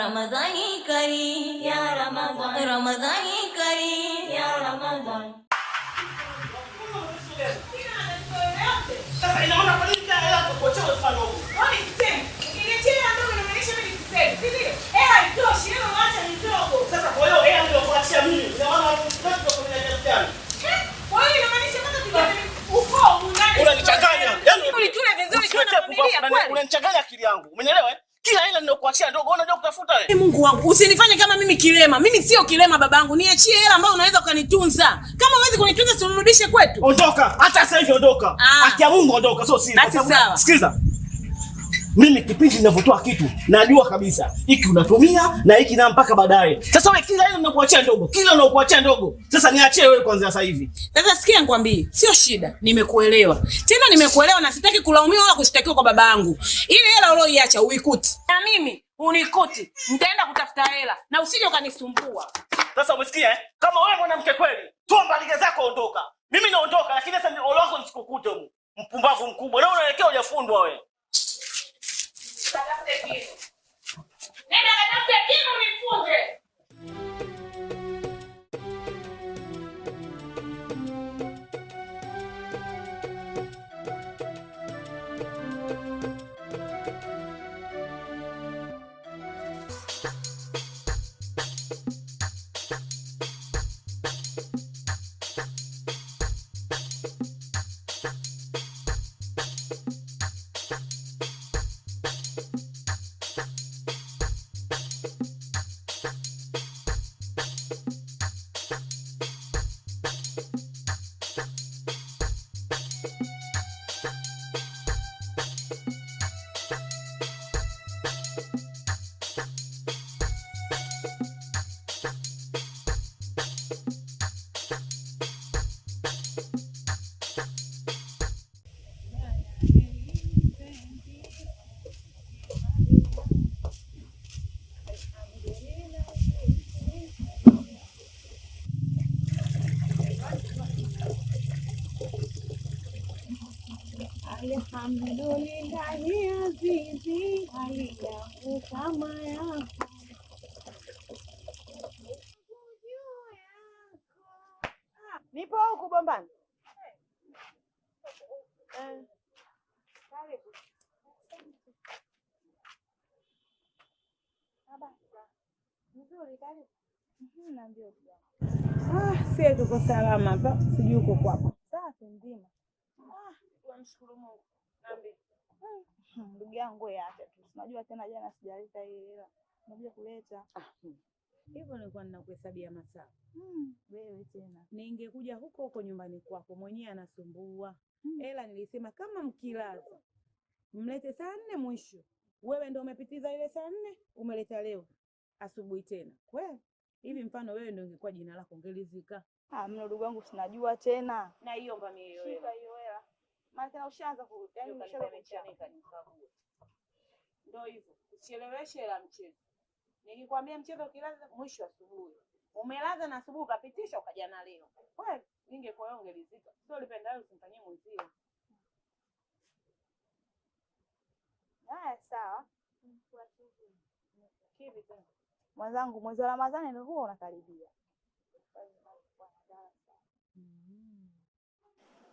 Ramadani Kari, ya Ramadan, Ramadani Kari, ya Ramadan. kwa kwa kwa Kwa yaani yaani unanichanganya. akili yangu. Umeelewa eh? kila hela ninakuachia ndogo, unajua kutafuta wewe. Mungu wangu, usinifanye kama mimi kilema. Mimi sio kilema babangu, niachie hela ambayo unaweza ukanitunza. Kama huwezi kunitunza, sirudishe kwetu. Ondoka hata sasa hivi, ondoka. Ah. Akia Mungu, ondoka, sio siri. sawa. Sikiza. Mimi kipindi ninavyotoa kitu najua kabisa hiki unatumia na hiki na mpaka baadaye. Sasa wewe kila ile unakuachia ndogo, kila unakuachia ndogo. Sasa niachie wewe kwanza sasa hivi. Sasa sikia nikwambie, sio shida, nimekuelewa. Tena nimekuelewa na sitaki kulaumiwa wala kushtakiwa kwa baba yangu. Ile hela uliyoiacha uikuti. Na mimi unikuti. Nitaenda kutafuta hela na usije ukanisumbua. Sasa umesikia eh? Kama wewe mwanamke kweli, toa mbalige zako ondoka. Mimi naondoka lakini sasa ni oloko nisikukute huko. mpumbavu mkubwa. Na unaelekea hujafundwa wewe. Katafute kinu. Nenda katafute kinu nifunge. Alhamdulillahi azizi, hali yangu yako nipo huku bombani eh. Ah, sie tuko salama hapa, sijui uko kwako. Safi nzima namshukuru Mungu. Hmm, ndugu yangu, tu, unajua tena jana sijaleta hii hela, nakuja kuleta ah, hmm. hivyo nilikuwa ninakuhesabia masaa hmm. wewe Tena ningekuja huko huko nyumbani kwako mwenyewe anasumbua hela mm. Nilisema kama mkilaza mlete saa nne mwisho. Wewe ndo umepitiza ile saa nne, umeleta leo asubuhi tena we. Hivi mfano wewe ndo ungekuwa jina lako ungelizika. Ah, ndugu wangu, sinajua tena na hiyo mbamio maana tena ushaanza ku yani umeshaanza kuchanika. Ndio hivyo, ucheleweshe la mchezo. Nikikwambia mchezo ukilaza mwisho asubuhi, umelaza na asubuhi ukapitisha ukaja na leo kweli, ningekuwa wewe ungelizika. Sio ulipenda wewe usimfanyie mwenzio. Haya, sawa mwenzangu, mwezi wa Ramadhani ndio huwa unakaribia. mm -hmm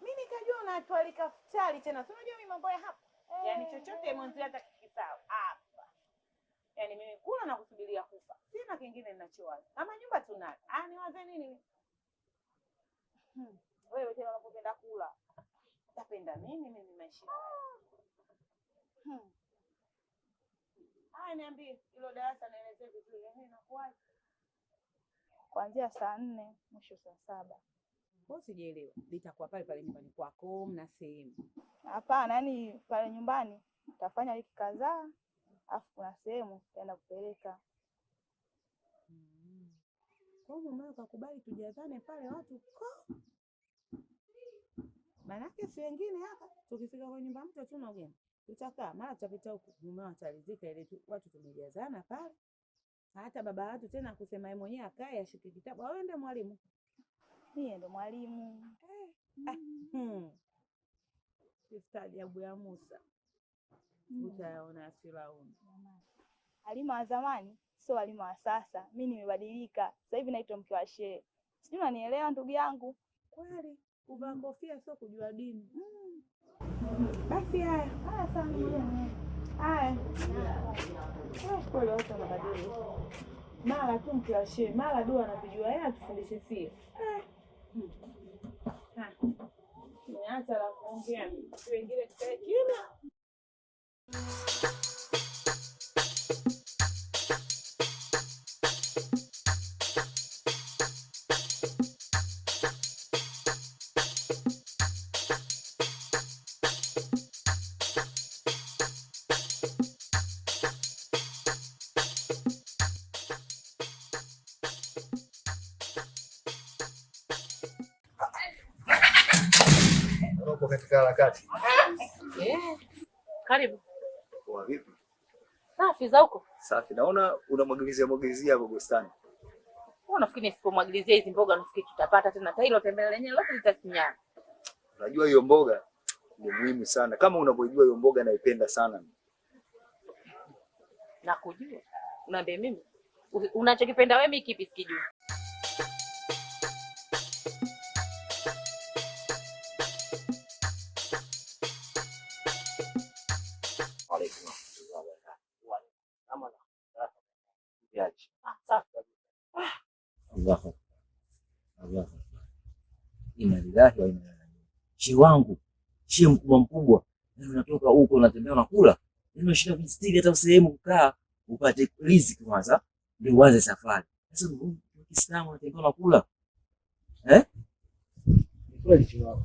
mimi nikajua unatualika futari tena, si unajua mi mambo ya hapa hey. Yani eh. chochote mwanzi hata kikisawa hapa, yani mimi kula na kusubiria kufa, sina kingine ninachowaza. Kama nyumba tunayo, ah, niwaze nini hmm. Wewe tena unapopenda kula utapenda nini mimi maisha hmm. Aya, niambie hilo darasa, naelezee vizuri, yaani nakuaje kuanzia saa nne mwisho saa saba. Kwa sijaelewa, litakuwa pale pale nyumbani kwako mna sehemu? Hapana, yani pale nyumbani tafanya wiki kadhaa, afu kuna sehemu taenda kupeleka. Mm. Kwa hiyo mama tujazane pale watu ko, maanake si wengine hapa, tukifika kwa nyumba mtu hatuna ugeni, tutakaa mara tutapita huku, mama atalizika ile watu tumejazana pale hata baba watu tena kusema yeye mwenyewe akae ashike kitabu aende mwalimu yeye ndo mwalimu eh, ah, hmm. staajabu ya Musa utayaona hmm. Firauni. Halima wa zamani sio Halima wa sasa. Mi nimebadilika sasa hivi naitwa mke wa shehe, sijui unanielewa ndugu yangu. Kweli kuvaa kofia sio kujua dini. Hmm. Basi haya haya, mara tu mke wa shehe, mara dua anatujua yeye, atufundishe sisi eh. Nimeanza la kuongea wengine tukae upo katika harakati. Karibu. Poa, vipi? Safi za huko? Safi. Naona unamwagilizia mwagilizia hapo bustani. Nafikiri nisipomwagilizia hizi mboga nafikiri tutapata tena hata hilo tembele lenyewe lote litasinyana. Unajua hiyo mboga ni muhimu sana, kama unavyojua hiyo mboga naipenda sana. Nakujua. Unaambia mimi unachokipenda wewe, mimi kipi sikijua. lillahi wa inna ilaihi raji'un. Shehe wangu, shehe mkubwa mkubwa, na yaani unatoka huko unatembea unakula, ndio yaani shida kujistiri hata sehemu kukaa upate riziki kwanza ndio uanze safari. Sasa Mungu wa Kiislamu unatembea unakula. Eh? Ni kweli shehe wangu.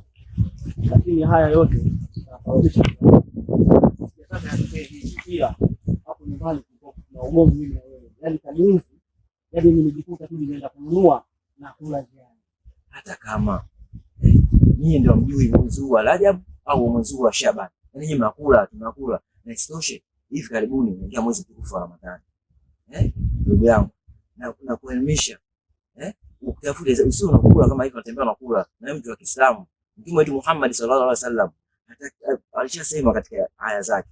Lakini haya yote yaani na kula jiani. Hata kama nyinyi ndio mjui mwezi huu wa Rajab au mwezi huu wa Shaaban. Yaani nyinyi mnakula tunakula, na isitoshe hivi karibuni unaingia mwezi mtukufu wa Ramadhani. Eh, ndugu yangu, na kuna kuelimisha eh, ukitafuta usio unakula kama hivi unatembea unakula, na mtu wa Kiislamu Mtume wetu Muhammad sallallahu alaihi wasallam alishasema katika aya zake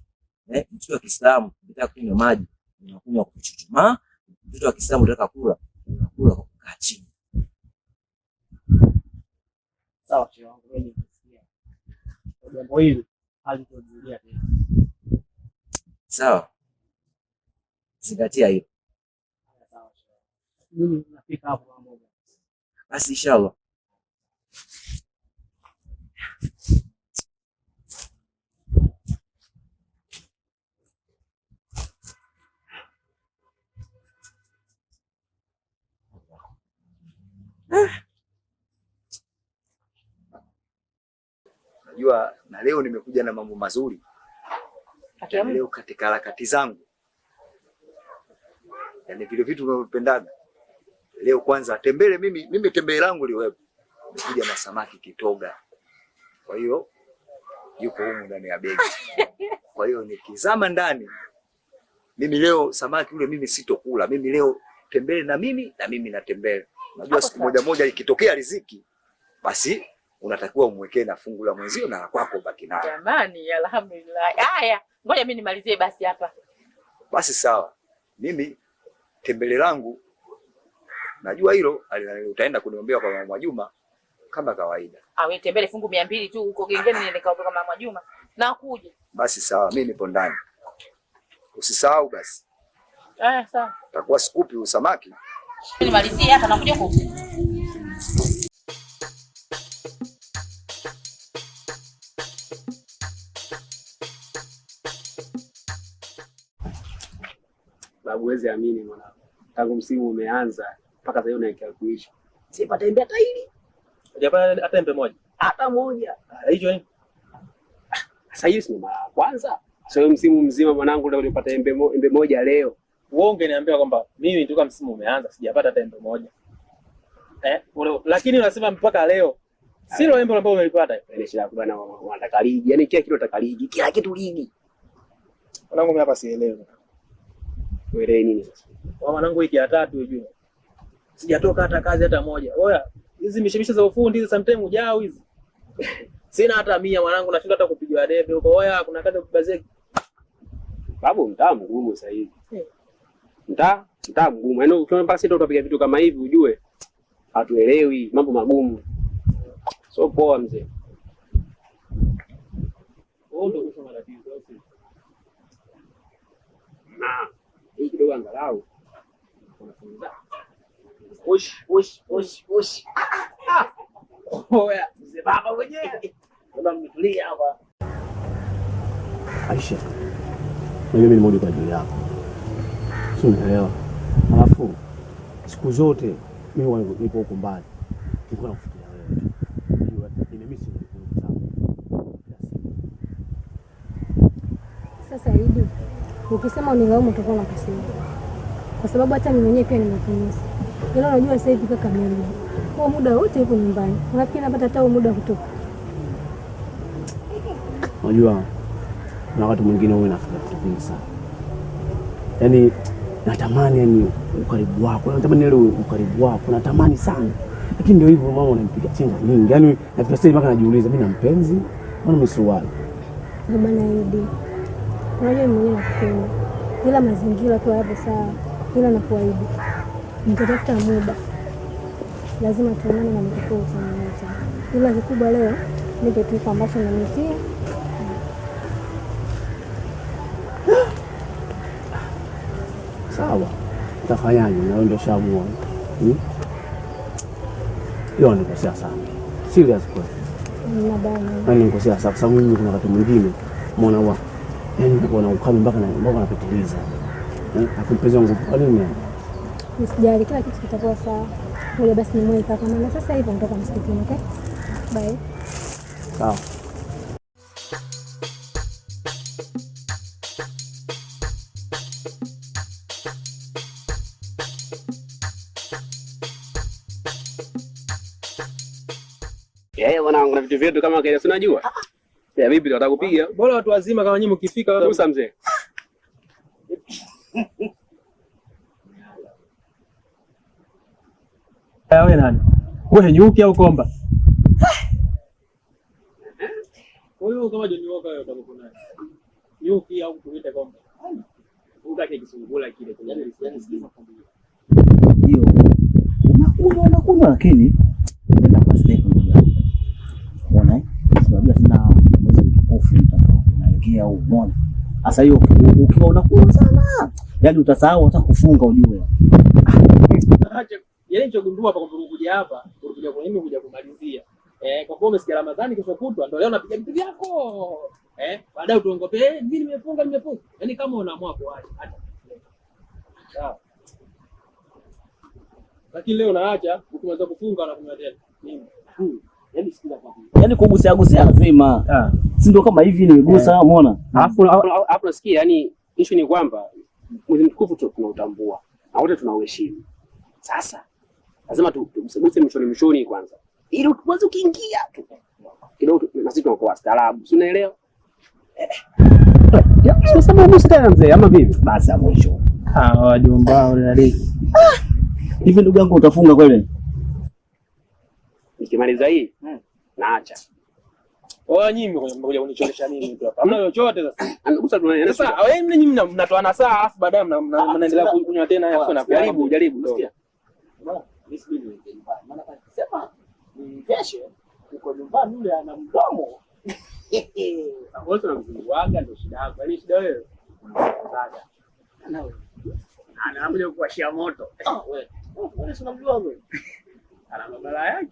eh, mtu wa Kiislamu unataka kunywa maji unakunywa kuchuchumaa, mtu wa Kiislamu unataka kula unakula kwa kukaa chini sawa, shehe wangu, wewe unasikia jambo hili halitojirudia tena. Sawa, zingatia hilo. Mimi nafika hapo kwa moja basi, inshallah. Ah. Unajua, na leo nimekuja na mambo mazuri. leo katika harakati zangu, yani vile vitu vinavyopendaga leo, kwanza tembele, mimi mimi tembele langu liwepo, nikuja na samaki kitoga, kwa hiyo yuko humu ndani ya begi. Kwa hiyo nikizama ndani mimi leo samaki ule mimi sitokula, mimi leo tembele na mimi na mimi natembele. Najua siku moja moja ikitokea riziki basi unatakiwa umwekee na fungu la mwenzio na kwako baki nayo. Jamani, alhamdulillah. Haya, ngoja mimi nimalizie basi hapa. Basi sawa, mimi tembele langu najua hilo utaenda kuniombea kwa mama Juma kama kawaida. Awe ah, tembele fungu mia mbili tu huko gengeni, niende kaombe kwa mama Juma na kuja. Basi sawa, mimi nipo ndani, usisahau basi. Eh, sawa, takuwa sikupi usamaki. Nimalizie hapa nakuja huko. sababu huwezi amini mwanangu, tangu msimu umeanza mpaka sasa hivi unaelekea kuisha, sipata embe hata hili, hajapata hata embe moja, hata moja ah, hicho. ni Sasa Hii si mara ya kwanza, sio msimu mzima mwanangu, ndio ulipata embe embe moja leo. Wewe ungeniambia kwamba mimi toka msimu umeanza sijapata hata embe moja eh, lakini unasema mpaka leo silo embe ambalo umelipata. Ile yaani shida kubwa na wanataka ligi, yani kila kitu nataka ligi, kila kitu ligi. Mwanangu mimi hapa sielewi uelewi nini sasa. Kwa mwanangu wiki ya tatu hujua. Sijatoka hata kazi hata moja. Oya, hizi mishemishe za ufundi hizi sometimes hujao hizi. Sina hata mia mwanangu, nashindwa hata kupiga debe huko. Oya, kuna kazi kubazeki. Babu, mtaa mgumu sasa hivi. Yeah. Mtaa mtaa mgumu. Yaani ukiona mpaka sita utapiga vitu kama hivi ujue hatuelewi mambo magumu. So poa mzee. Ndio kusema tatizo. Na kidogo angalau unapunguza Oya mzee baba mwenyewe hapa. Aisha, mimi nimerudi kwa ajili yako, si unaelewa? Alafu siku zote mimi nipo huko mbali, nilikuwa nakufikiria wewe, sasa hivi Ukisema unilaumu utakuwa unakosea, kwa sababu hata mimi mwenyewe pia nimekunyesa. Yaani Ila unajua sasa hivi kaka, mimi kwa muda wote yuko nyumbani, unafikiri napata hata muda kutoka? Unajua na wakati mwingine wewe unafika vitu vingi sana, yaani natamani, yani ukaribu wako, natamani ile yaani ukaribu wako, natamani sana, lakini ndio hivyo, mama unanipiga chenga nyingi, yaani nafika sasa mpaka najiuliza mimi na mpenzi, mbona misuali bana Idi unajua mwenyewe nakupenda, ila mazingira tu hayapo sawa, ila nakuahidi nitatafuta muda, lazima tuonane na matokeo utaonaje, ila kikubwa leo nipe tu ambacho namitia sawa. Tafanyaje? Nawe ndio shamua hiyo, hmm? nikosea sana, serious kweli, na nikosea sana, kwa sababu mimi kuna wakati mwingine mwana wangu yani kuna ukame mpaka na mpaka napitiliza. Afu yaani mpenzi wangu kwa nini? Usijali, kila kitu kitakuwa sawa. Ngoja basi ni mweka kwa maana sasa hivi natoka msikitini, okay? Bye. Sawa. Eh, wanangu na vitu vyetu kama kaida, si unajua? Ah, ah. Ya vipi ndio watakupiga? Bora watu wazima kama nyinyi mkifika wao. Musa mzee. Wewe nani? Wewe nyuki au komba? Wewe kama John Walker wewe utakuwa nani? Nyuki au kuita komba? Unga kile kisungula kile kwa nini sikiza komba? Hiyo. Unakunywa unakunywa lakini nenda kwa step. kuongea au unaona. Sasa hiyo ukiwa unakula sana, yani utasahau hata kufunga ujue. Yaani nichogundua hapa kwamba kuja hapa, kuja kwa nini kuja kumalizia. Eh, kwa kuwa umesikia Ramadhani kesho kutwa ndio leo napiga vitu vyako. Eh, baadaye utaongope, eh, mimi nimefunga nimefunga. Yaani kama unaamua kuacha hata. Sawa. Lakini leo naacha, ukimaliza kufunga na kunywa tena. Yaani sikuwa kwa. Yaani kugusia gusia lazima. Ah si ndio kama hivi nimegusa, eh. umeona. Alafu alafu nasikia, yani issue ni kwamba mwezi mtukufu tunautambua na wote tunauheshimu. Sasa lazima tumseguse mshoni mshoni kwanza, ili uanze ukiingia tu kidogo, na sisi tunakuwa wastaarabu, si unaelewa? Eh. Sasa mgusi ama vipi? Basi ya mwisho ah, wajomba wale ah. hivi, ndugu yangu, utafunga kweli? Nikimaliza hii hmm. naacha. Wanyimi mnakuja kunichomesha mimi tu hapa. Hamna chochote sasa. Anagusa ah, ah, tu nani? Sasa wewe nyinyi mnatoa na saa alafu baadaye mnaendelea kunywa tena hapo na jaribu jaribu. Unasikia? Maana sema kesho uko nyumbani yule ana mdomo. Wote wanamzunguaga ndio shida yako. Yaani shida wewe. Anakuja kuwashia moto. Ah, wewe unamjua wewe. Ana mabala yake.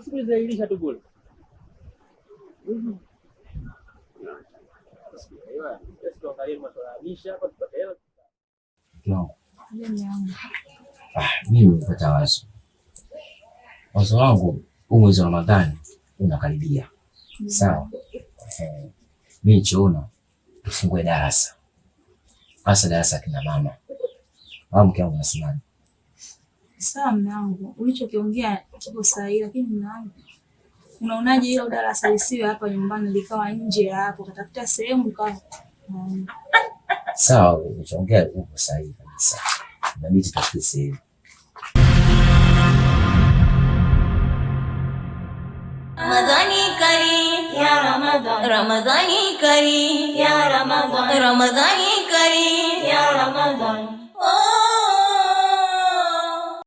Siku zinailisha tu bure. Ah, mimi nimepata wazo. Wazo wangu huu mwezi wa Ramadhani unakaribia, mm. sawa? Eh, Mi nichoona tufungue darasa, hasa darasa akina mama. Mke wangu nasemaje? Sawa mwanangu, ulichokiongea kipo sahihi, lakini mwanangu, unaonaje hilo darasa lisiwe hapa nyumbani likawa nje ya hapo, katafuta sehemu kawa. Sawa, ulichoongea kipo sahihi kabisa, nami tutafute sehemu Ramadhani kari, ya Ramadhan, Ramadhani kari, ya Ramadhan, Ramadhani kari, ya Ramadhan.